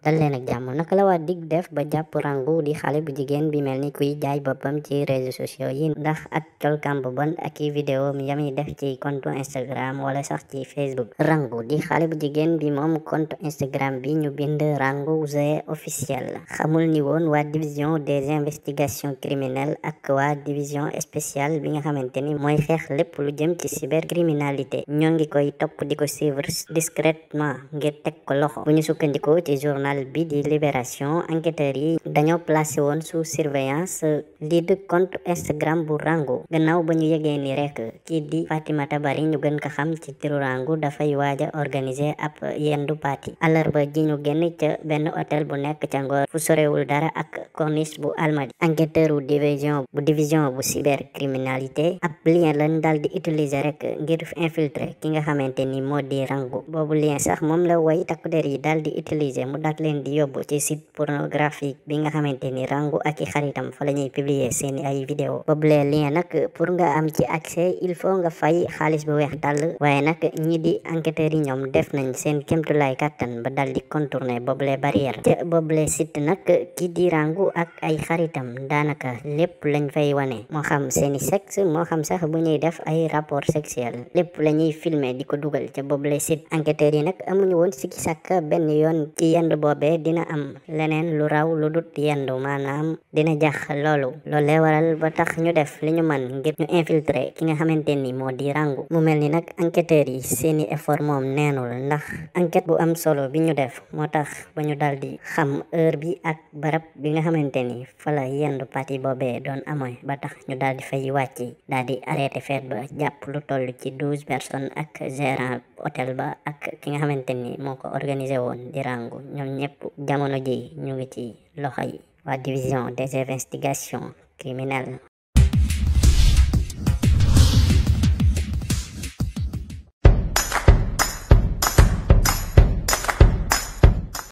dal leen ak jàmm na la waa dig def ba jàpp rangu di xale bu jigéen bi mel ni kuy jaay boppam ci réseaux sociaux yi ndax ak colkam bu bon ak i vidéo yami def ci compte Instagram wala sax ci Facebook rangu di xale bu jigéen bi moom compte Instagram bi ñu bind rangu the officiel xamul ni woon waa division des investigations criminelles ak waa division spéciale bi nga xamante ni mooy xeex lépp lu jëm ci cybercriminalité ñoo ngi koy topp di ko suivre discrètement ngir teg ko loxo bu ñu sukkandikoo ci journal journal bi di Libération enquêteurs yi dañoo euh, lii di compte Instagram bu Rango gannaaw ba ñu yegee ni rek kii di Fatimata Bari ñu gën ko xam ci turu Rango dafay waaj a organiser ab yendu party àllarba ji ñu génn ca benn hôtel bu nekk ca Ngor fu sorewul dara ak corniche bu Almadi enquêteur bu division bu division bu cybercriminalité ab lien lañ daal di utiliser rek ngir infiltrer ki nga xamante ni moo di Rango boobu lien sax moom la way takk der yi daal di utiliser mu dakk leen di yóbbu ci site pornographique bi nga xamante ni rangu ak i xaritam fa la ñuy publier ay vidéo boobule lien nag pour nga am ci accès il faut nga fay xaalis bu weex dàll waaye nag ñi di enquêteurs yi ñoom def nañ seen kémtulaay katan ba dal di contourner boobule barrière te boobule site nag ki di rangu ak ay xaritam daanaka lépp lañ fay wane moo xam seeni sexe moo xam sax bu ñuy def ay rapport sexuel lépp la ñuy filmer di ko dugal ca boobule site enquêteurs yi boobee dina am leneen lu raw lu dut yendu maanaam dina jax loolu loolu lay waral ba tax ñu def li ñu man ngir ñu infiltrer ki nga xamante ni moo di rangu mu mel ni nag enquêteurs yi seeni effort moom neenul ndax enquête bu am solo bi ñu def moo tax ba ñu dal di xam heure bi ak barab bi nga xamante ni fa la yendu parti boobee doon amoy ba tax ñu daal di fay wàcc daal di arrêté ba jàpp lu toll ci douze personnes ak gérant hôtel ba ak ki nga xamante ni moo ko organisé woon di rangu ñoom ñëpp jamono ji ñu ngi ci loxo yi waa division des investigations criminelles